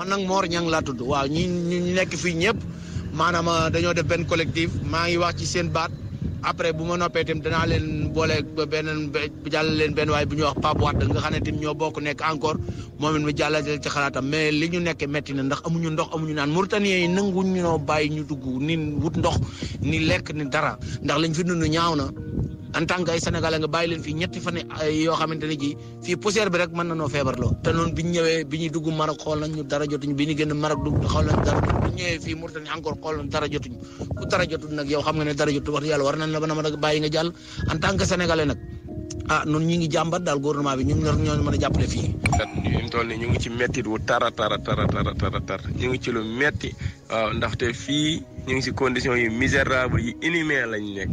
man nag Mor Ñang laa tudd waaw ñi ñu nekk fii ñëpp maanaam euh, dañoo def benn collectif maa ngi wax ci seen baat après bu ma noppee itam danaa leen booleeg ba beneen jàll leen benn waay bu ñuy wax Pape Wade nga xam ne itam ñoo bokk nekk encore moom it mu ci xalaatam mais li ñu nekk métti na ndax amuñu ndox amuñu naan Mauritaniens yi nanguñu noo bàyyi ñu dugg ni wut ndox ni lekk ni dara ndax lañ fi dund ñaaw na. en tant que ay sénégalais nga bàyyi leen fii ñetti fan yoo xamante ne ji fii poussière bi rek mën na noo feebarloo te noonu bi ñu ñëwee bi ñuy dugg Maroc xool nañ ñu dara jotuñ bi ñu génn Maroc dugg xool nañ dara jotuñu bi ñu jotuñ fii Mauritanie encore xool nañ dara jotuñu ku dara jotuñ nag yow xam nga ne dara jotu wax yàlla war nañ la ba na ma bàyyi nga jàll en tant que sénégalais nag ah noonu ñu ngi jàmbat daal gouvernement bi ñun ñoo ñoo mën a jàppale fii. ñu toll ñu ngi ci métti wu tara tara tara tara ñu ngi ci lu métti waaw ndaxte fii ñu ngi si condition yu misérable yi inhumain lañ nekk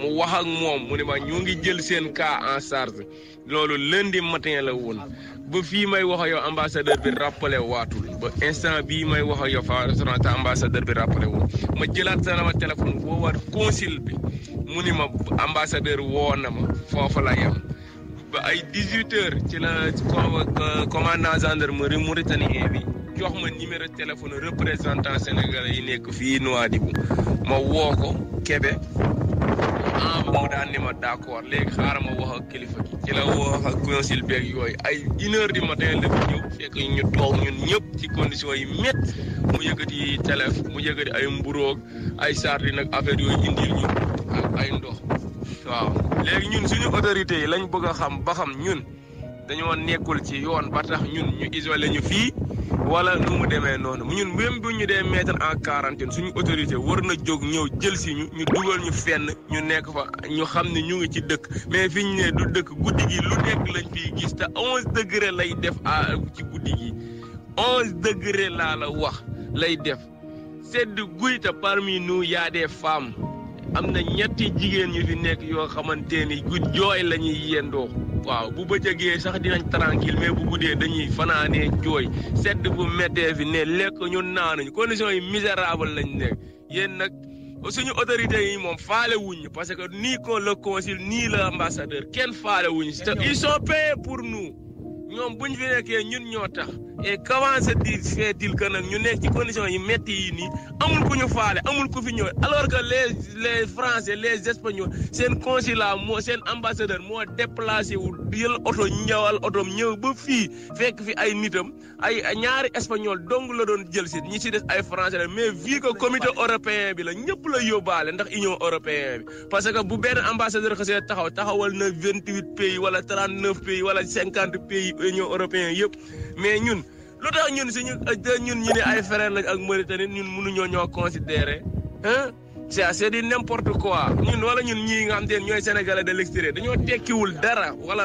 mu wax ak moom mu ne ma ñu ngi jël seen cas en charge loolu lundi matin la ba fii may wax ak yow ambassadeur bi rappelé waatul ba instant bii may wax ak yow fa restaurant te bi rappelé woon ma jëlaat sama téléphone woowaat consul bi mu ni ma ambassadeur woo na ma foofu la yem ba ay 18 ci la commandant gendarmerie mauritanien bi jox ma numéro téléphone représentant sénégalais yi nekk fii Nouadhibou ma woo ko ah moo daan ni ma d'accord léegi xaaral ma wax ak kilifa gi ci la wax ak conseil beeg yooyu ay une heure du matin la ñëw fekk ñu toog ñun ñëpp ci conditions yi mét mu yëkkati telef mu yëkkati ay mburoog ay sardi nag affaire yooyu indil ñu ay ndox waaw léegi ñun suñu autorité yi lañ bëgg a xam ba xam ñun dañoo nekkul ci yoon ba tax ñun ñu isolé ñu fii wala nu mu demee noonu ñun même bu ñu dee mettre en quarantaine suñu autorité war na jóg ñëw jël si ñu ñu dugal ñu fenn ñu nekk fa ñu xam ne ñu ngi ci dëkk mais fi ñu ne du dëkk guddi gi lu nekk lañ fiy gis te onze degré lay def à ci guddi gi onze degré laa la wax lay def sedd guy te parmi nous y a des am na ñetti jigéen ñu fi nekk yoo xamante ni gu jooy la ñuy yendoo waaw bu bëccëgee sax dinañ tranquille mais bu guddee dañuy fanaanee jooy sedd bu méttee fi ne lekk ñu naanuñ conditions yi misérable lañ nekk yéen nag suñu autorités yi moom faale wuñ parce que nii ko le consul nii la ambassadeur kenn faale wuñ ils sont pour nous ñoom buñ fi nekkee ñun ñoo tax et comment se fait-il que nag ñu nekk ci condition yi métti yi nii amul ku ñu faale amul ku fi ñëw alors que les les français les espagnols seen consulat moo seen ambassadeur moo déplacé wu jël oto ñëwal otoom ñëw ba fii fekk fi ay nitam ay ñaari espagnol dong la doon jël si ñi si des ay français la mais vu que comité européen bi la ñëpp la yóbbaale ndax union européen bi parce que bu benn ambassadeur xasee taxaw taxawal na vingt huit pays wala trente neuf pays wala cinquante pays union européen yëpp mais ñun lu tax ñun suñu ñun ñu ne ay frère lañ ak Mauritanie ñun mënuñoo ñoo considéré ah c'est c'est du n'importe quoi ñun wala ñun ñii nga xam te ñooy sénégale de l'extérieur dañoo tekkiwul dara wala